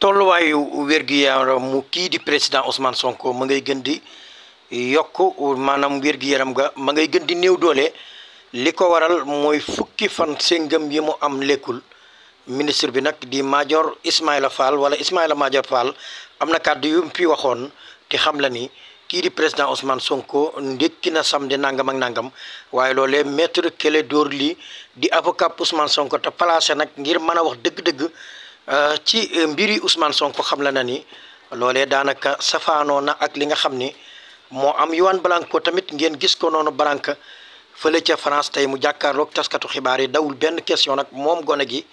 tolluwaayu wér-gu-yaram mu kii di président Ousmane Sonko ma ngay gën di yokk maanaam wér-gu-yaram ga ma ngay gën di néew doole li ko waral mooy fukki fan séngam yi mu am lekkul ministre bi nag di Madior Ismaïla Fall wala Ismaïla Madior Fall am na kàddu yu mu fi waxoon te xam la ni kii di président Ousmane Sonko ndékki na samedi nangam ak nangam waaye metre maître door Ly di avocat Ousmane Sonko te placé nag ngir mën a wax dëgg-dëgg Euh, ci euh, mbiri Ousmane Sonko xam la na ni loole daanaka safaanoo na ak li nga xam ni moo am Juan Branco tamit ngeen gis ko noonu Branco fële ca France tey mu jàkkaarloog taskatu xibaar yi dawul benn question nag moom gone gi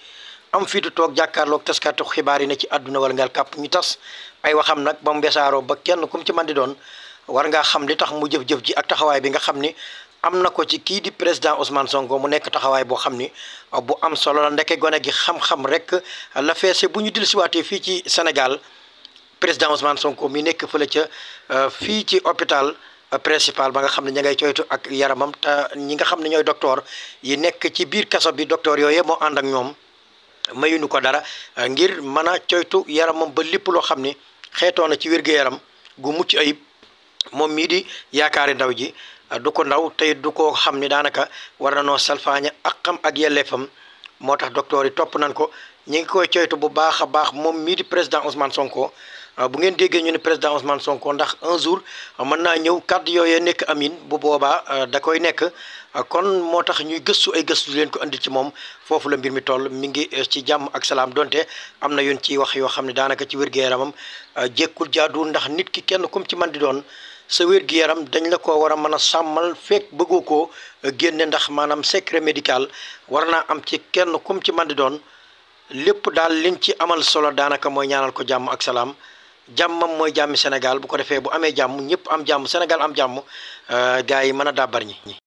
am fii di toog jàkkaarloog taskatu xibaar yi ne ci àdduna wala ngal kàpp ñu tas ay waxam nag ba mu besaaroo ba kenn kum ci man di doon war ngaa xam li tax mu jëf-jëf ji ak taxawaay bi nga xam ni am na ko ci kii di président Ousmane Sonko mu nekk taxawaay boo xam ni uh, bu am solo la ndeke gone gi xam-xam rek uh, la feese bu ñu dellusiwaatee fii ci Sénégal président Ousmane Sonko mi nekk fële ca uh, fii ci hôpital principal ba nga xam ne ña ngay coytu ak yaramam te ñi nga xam ne ñooy doctor yi nekk ci biir kaso bi docteur yooyu moo ànd ak ñoom mayuñu ko dara ngir mën a coytu yaramam ba lépp loo xam ni xeetoon na ci wér yaram gu mucc ayib. moom mii di yaakaari ndaw ji du ko ndaw tey du ko xam ne daanaka war na noo salfaañe ak am ak yelleefam moo tax docteur yi topp nañ ko ñu ngi koy coytu bu baax a baax moom mii di président Ousmane Sonko ah, bu ngeen déggee ñu ne président Ousmane Sonko ndax un jour ah, mën naa ñëw kàddu yooye nekk amin bu boobaa ah, da koy nekk kon moo tax ñuy gëstu ay gëstu leen ko indi ci moom foofu la mbir mi toll mi ngi eh, ci jàmm ak salaam donte am na yoon ci wax yoo xam ne daanaka ci wér-gu-yaramam jékkul jaadu ndax nit ki kenn kum ci man di doon sa wér-gu-yaram dañ la ko war a mën a sàmmal fekk bëggu ko génne ndax maanaam secret médical war naa am ci kenn kum ci man di doon lépp daal liñ ci amal solo daanaka mooy ñaanal ko jàmm ak salaam jàmmam mooy jàmmi Sénégal bu ko defee bu amee jàmm ñëpp am jàmm Sénégal am jàmm euh, gars yi mën a dàbbar ñi